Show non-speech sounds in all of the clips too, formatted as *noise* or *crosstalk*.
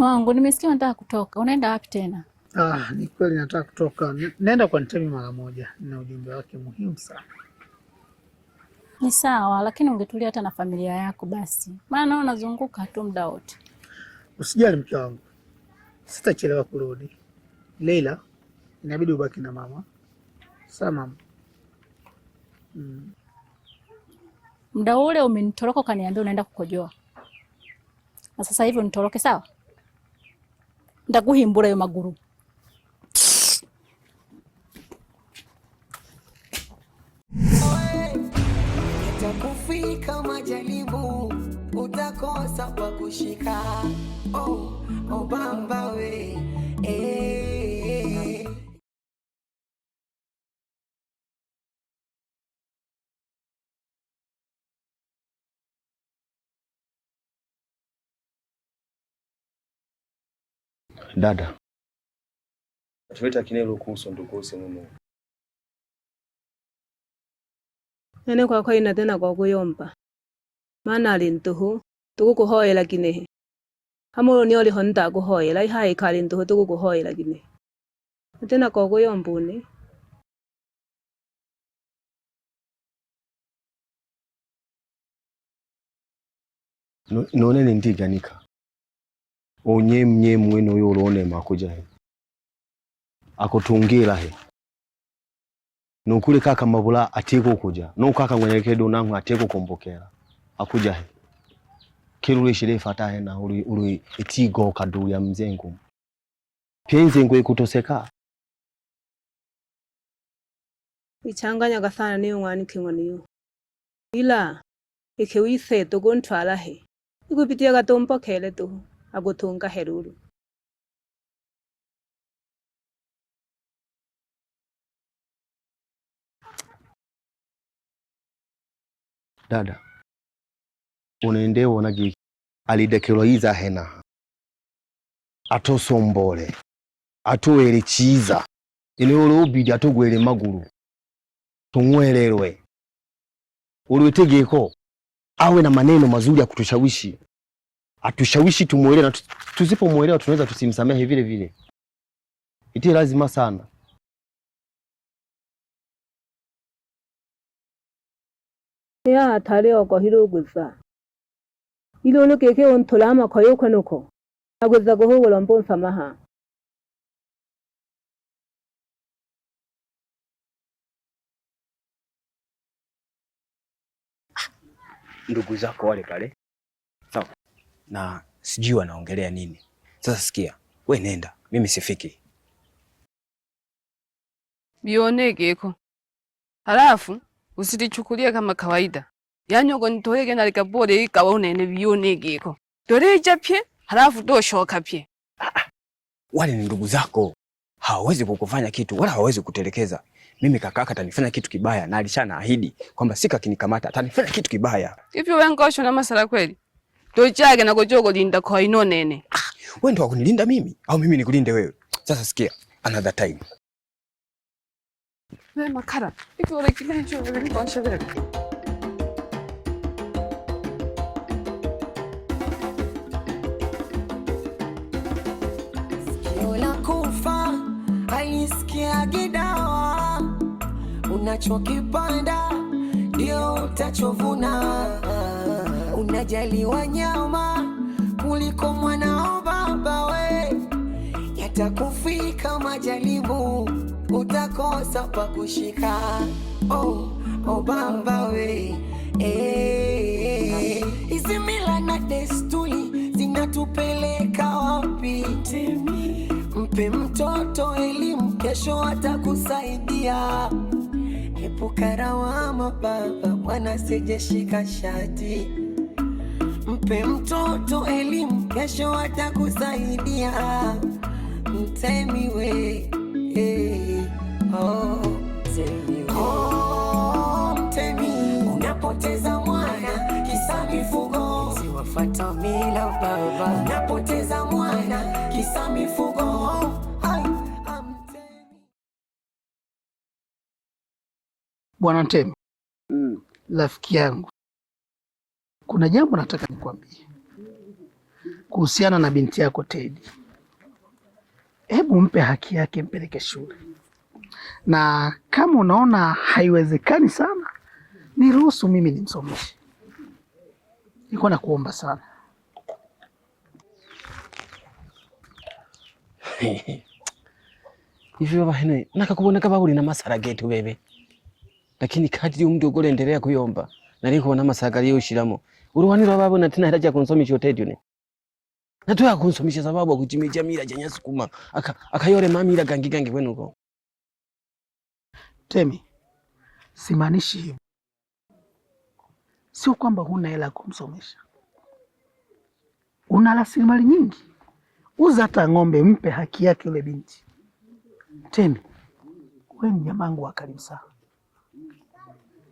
Mume wangu, nimesikia unataka kutoka, unaenda wapi tena? Ah, ni kweli nataka kutoka, naenda kwa Ntemi mara moja, na ujumbe wake muhimu sana. Ni sawa, lakini ungetulia hata na familia yako basi, maana unazunguka tu muda wote. Usijali mke wangu, sitachelewa kurudi. Leila, inabidi ubaki na mama. Sawa mama. Mm. ule umenitoroka ukaniambia unaenda kukojoa, na sasa hivi unitoroke? Sawa ndaguhimbura ayo maguru utakufika majaribu, utakosa pa kushika oh. Dada tuleta kinelo kuhusu ndukuse muno nene kwa ina tena kwakuyomba maana ali ntuhu tukukuhoyela kinehe hamulo nioliho ntakuhoyela ihaikali ntuhu tukukuhoyela kinehe kwa kwakuyomba ni. nonene ganika onyemnyemu mwene uyo ulonema akuja akutungila he nukuli kaka mabula atiko kuja nukaka ngwenyekedo nangu atiko kumbukela akuja he kilu lishilifata na uli, uli itigo ya mzengu pyenzengu ikutoseka ichanganya kathana niyo ng'wani king'wa niyo ila he ikupitia katumpo kele tuhu agutunga heruru Dada unaende wona giki alidekelwa iza hena atosombole atowere chiza ine olobidi atogwere magulu tung'wererwe uliwetegeko awe na maneno mazuri ya kutushawishi atushawishi tumuelewe, na tusipomuelewa tunaweza tusimsamehe vile vile. Itie lazima sana. ya talewa kwa hilo gusa ilo lo keke on tolama kwa yoko nuko agweza go hogo lombo samaha ndugu zako wale pale sawa na sijui wanaongelea nini. Sasa sikia, we nenda, mimi sifiki. Bionegeko halafu usitichukulia kama kawaida, yaani uko nitore gena likabore ikawonene bionegeko toreja pye halafu toshoka pye. Ah, ah. Wale ni ndugu zako, hawawezi kukufanya kitu wala hawawezi kutelekeza. Mimi kakaka atanifanya kitu kibaya na alishana ahidi kwamba sika kinikamata atanifanya kitu kibaya. Hivyo wewe ngosho na masala kweli? toichake na kochoko linda kwa ino nene. Ah, wewe ndo wakunilinda mimi au mimi nikulinde wewe? Sasa sikia, another time. Wewe makara, ikiwa unakilenga hicho wewe ni kwa shida. Sikiagi dawa unachokipanda ndio utachovuna unajali wanyama kuliko mwanao baba we, yatakufika majaribu utakosa pa kushika. Oh, oh baba we eh, hizi mila na desturi zinatupeleka wapi? Mpe mtoto elimu, kesho atakusaidia. Epuka lawama baba, mwana sijeshika shati Mpe mtoto elimu, kesho atakusaidia. Mtemi we, hey, eh, oh, mtemi Oh, mtemi, unapoteza mwana kisa mifugo, siwafata mila baba, unapoteza mwana kisa mifugo Bwana Mtemi, mm. Rafiki yangu kuna jambo nataka nikwambie kuhusiana na binti yako Tedi. Hebu mpe haki yake, mpeleke shule, na kama unaona haiwezekani sana, niruhusu mimi nimsomeshe. niko na kuomba sana. *laughs* hivyo bahene nakakubona kama uli na masara getu wewe, lakini kadri mdogo ulendelea kuyomba nalikuona amasagari yoshiramo urwaniro ababo natina hataja kunsomisha otedio ne natuya kunsomisha sababu akuchimija mira janya sukuma aka akayore mamira gangi gangi kwenu ko Temi, simanishi hivyo, sio kwamba huna hela kumsomesha. Una rasilimali nyingi, uza hata ng'ombe, mpe haki yake yule binti. Temi, wewe ni jamangu wa karibu sana.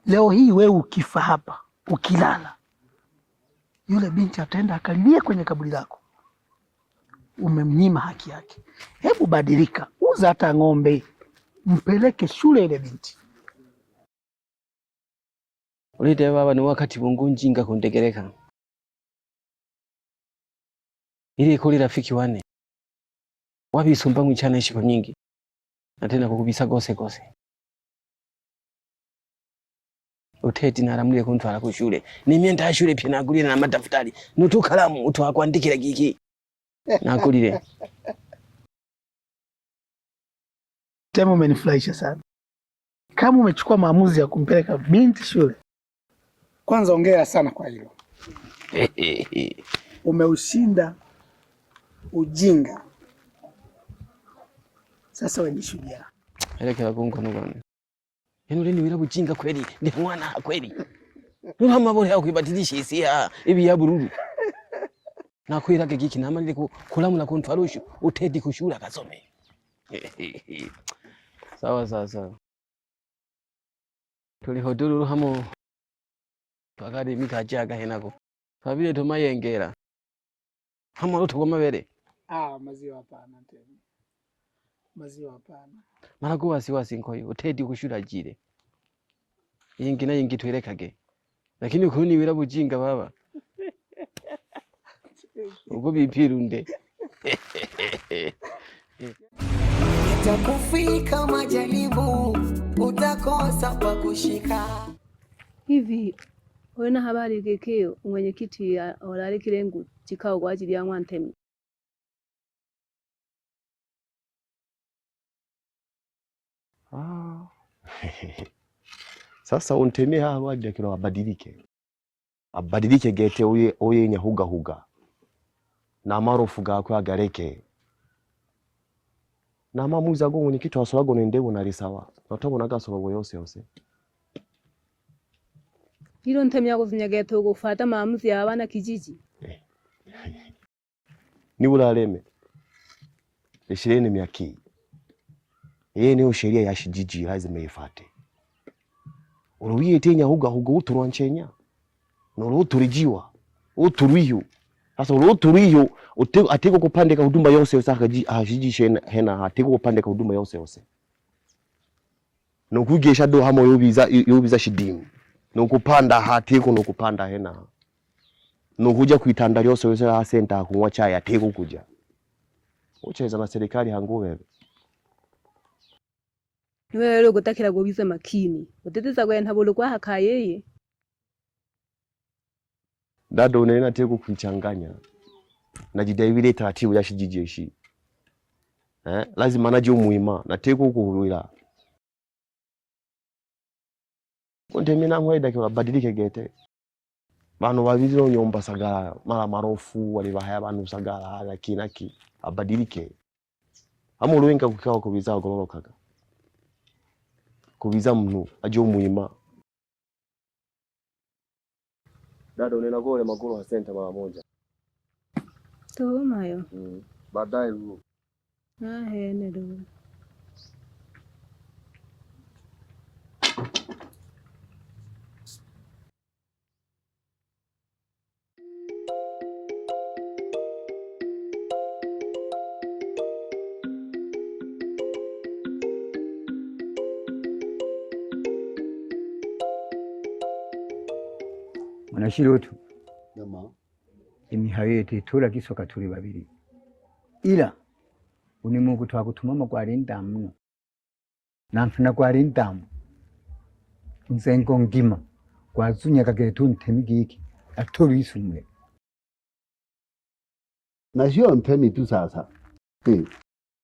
Leo hii wewe ukifa hapa, ukilala yule binti ataenda akalilie kwenye kaburi lako, umemnyima haki yake. Hebu badilika, uza hata ng'ombe, mpeleke shule ile binti. Ulite baba ni wakati mungu njinga kundegereka ili kuli rafiki wane wabisumba mwichana ishiku nyingi na tena kukubisa gose gose uthethi nalamulire kunthu kushule nimye ndayashule shule pia na madaftari nutu kalamu uthu akuandikira kiki nakulire *laughs* temu umenifurahisha sana kama umechukua maamuzi ya kumpeleka binti shule kwanza ongea sana kwa hilo *laughs* umeushinda ujinga sasa wewe ni shujaa elekela kunkanukana Yaani ule ni wila buchinga kweli. Ni mwana kweli. Nuna mabore yao kuibatilisha hisia ibi ya bururu. Na kuira kwira na kinamalile kulamu na kontwarushu utedi kushura kasome. *laughs* Sawa sawa sawa. Tulihoduru hamo twagari mikaja gahenako. Fabile tumayengera. Hamo kwa bere. Ah maziwa hapana tena maziwa hapana. Mara kwa wasiwasi nkoyo utedi kushura jire. Yingi na yingi twerekage. Lakini ukuni wira bujinga baba. *laughs* Uko bipirunde. Itakufika majaribu utakosa pa kushika. Hivi wena habari gekeo mwenyekiti ya olale kilengu chikao kwa ajili ya Mwantemi. Ah. *laughs* Sasa untemee hawa wadi lakini wabadilike. Abadilike gete uye uye nyahuga huga. Na marufu kwa gareke. Na mamuza go ni kitu asobago ni ndego na risawa. na naga sobago yose yose. Hilo ntemya kuzinya gete ukufata maamuzi ya wana kijiji. Eh. *laughs* Ni ulaleme. Ishireni miaki yeye yeneyo sheria ya shijiji lazima ifate uruwiye tenya huga huga uturwanchenya nuru turijiwa uturiyo sasa uru turiyo atiko ka huduma yose yose akaji ashiji hena atiko ka huduma yose yose nokugesha do hamo yobiza yobiza shidimu nokupanda hatiko nokupanda hena nokuja kuitanda yose yose asenta kunwa chai atiko kuja ucheza na serikali hanguveve niwe rero gutakira gobize makini uteteza kwentha bulu kwa haka yeye dada unena teku kuichanganya najidaiwile taratibu ya shijijeshi eh? lazima naje umuima nateku kuhulwila konte mina mwaidakila badilike gete banu wavili onyomba sagala mara marofu wali bahaya banu sagala hala kinaki abadilike amuluwenga kukawa kubizao gololokaga kubiza mnu ajo mwima dada unena gole magoro wa senta mara moja tomayo mm. baadaye huo ahenelo na chilotu imihayo yetu turagisoka tuli babiri ila uni mungu twakutumamo gwali ndamuno namfuna gwali ndamu nzengo ngima gwazunyakagile tuntemigiki atoluisumule nashiyo ntemi tu sasa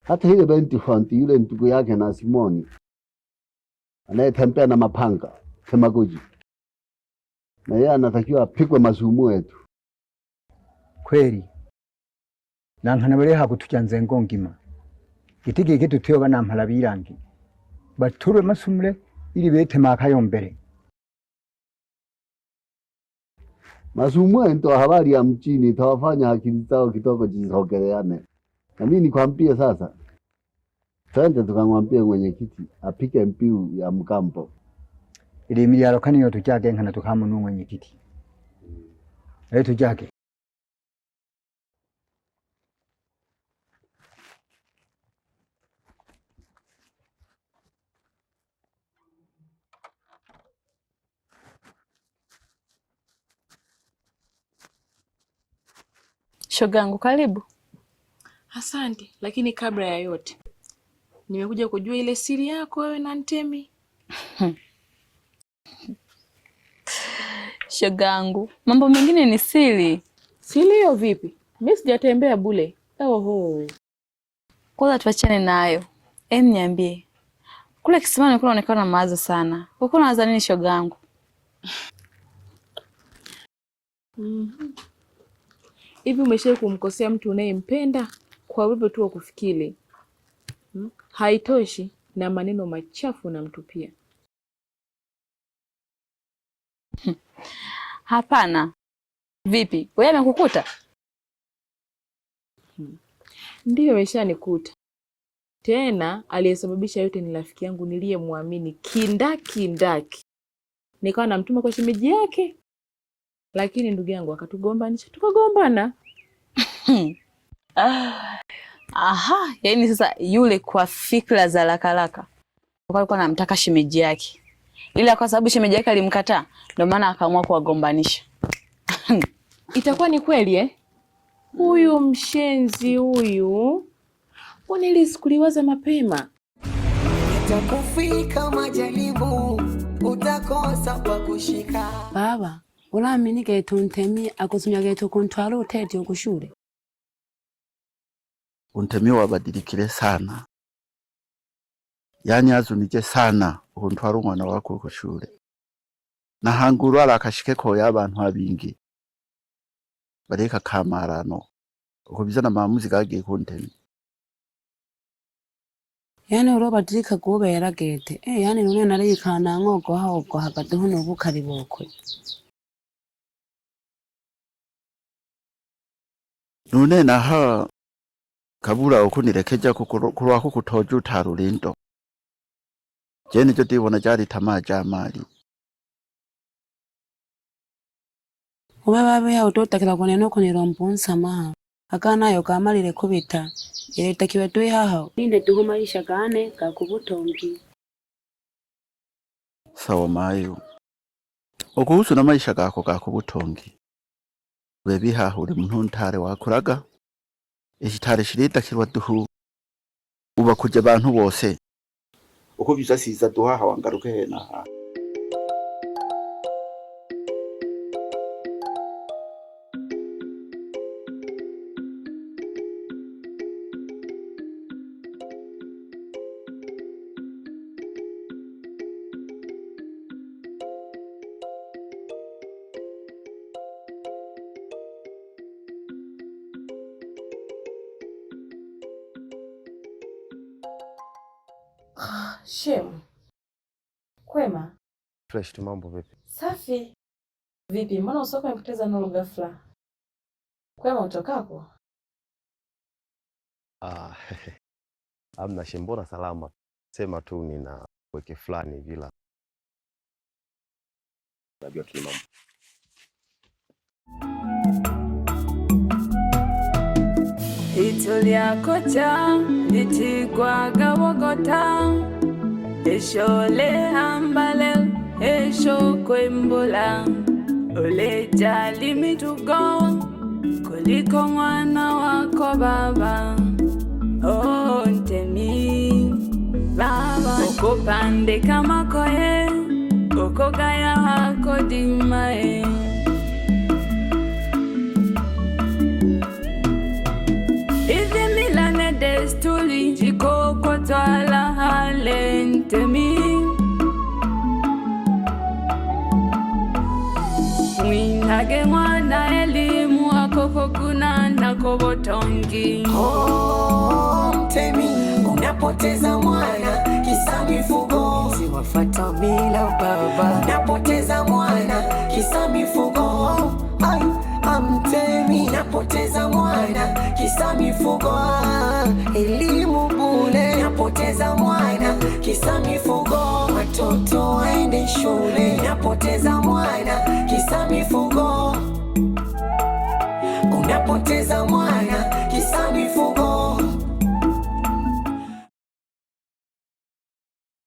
hata hile benti Fanti yule ntuku yake na Simoni anayetembea na mapanga semakuji na yeye anatakiwa apigwe mazumu yetu kweli nampana bale nzengo ngima gitigi gitu tuyo banampala birangi baturwe masumure ili makayo mbere mazumu ndo habari ya mchini tawafanya akili zao kidogo jisogeleane. Na mimi nikwambie sasa, twende tukamwambie mwenyekiti apike mbiu ya mkampo ilimilialo kaniyo tuchake nkana tukamunu nyikiti ai tuchake Shogangu, karibu. Asante, lakini kabla ya yote nimekuja kujua ile siri yako wewe na Ntemi *laughs* shogangu, mambo mengine ni siri. Siri hiyo vipi? Mimi sijatembea bule. Oho, kwanza tuachane nayo. Em, niambie kule kisimani kunaonekana na mawazo sana, ulikuwa unawaza nini shogangu? mm -hmm. Hivi umeshawahi kumkosea mtu unayempenda kwa wivu tu wa kufikiri? hmm? Haitoshi na maneno machafu na mtu pia Hapana. Vipi, wewe amekukuta? Hmm. Ndiyo, ameshanikuta tena. Aliyesababisha yote ni rafiki yangu niliyemwamini kindakindaki, nikawa namtuma kwa shemeji yake, lakini ndugu yangu akatugombanisha, tukagombana. *laughs* Ah, aha, yaani sasa yule kwa fikra za lakalaka alikuwa namtaka shemeji yake ila kwa sababu shemeji yake alimkataa, ndio maana akaamua kuwagombanisha. *laughs* Itakuwa ni kweli eh? Huyu mshenzi huyu, mbona ili sikuliwaza mapema. Itakufika majaribu, utakosa pa kushika. Baba ulamenye getu ntemi akosumya getu kuntwala utete kushule untemi wabadilikile sana yani azunije sana ari umwana wako kushure nahanguru ulwala akashike koya abantu abingi bareka kamarano ukubizana maamuzi gagiye kuntema yani uro badirika gobe yaragete eh yani none narikana nkogo hawo hagati huno ubukari bokwe none naha kabura ukunirekeja kukulwako kutoju tarurindo Kyenikyo tibona kyali tamaa kyamali oba babeyawo totakila kunena okunela mpunsamaha akana ayo kamalile kubita ela itakiwe twihahawo ninde maisha kane kakubutombi sawa mayo okuhusu na maisha kako kakubutongi ule bihahule munu ntale wakulaga shirita shilitakilwa tuhu ubakuja bantu bose uko vyusasisa duha hawangaruke ha Shemu, kwema? Fresh tu. Mambo vipi? Safi. Vipi, mbona uso wako umepoteza nuru ghafla? Kwema utokako? Ah, *laughs* amna Shem, mbona salama. Sema tu nina weke fulani vila najua tu mambo itulya kocha litigwagawogota Eshole hambale esho kwembola oleja kuliko mwana wako baba ontemi oh, ntemi baba okopandeka makoye okogaya hako dimae utawala ntemi mwinage mwana elimu akokokuna nakobotongi oh, unapoteza mwana kisa mifugo siwafata baba unapoteza mwana kisa mifugo amtemi unapoteza mwana kisa mifugo elimu Napoteza mwana kisa mifugo, watoto waende shule. Napoteza mwana kisa mifugo, unapoteza mwana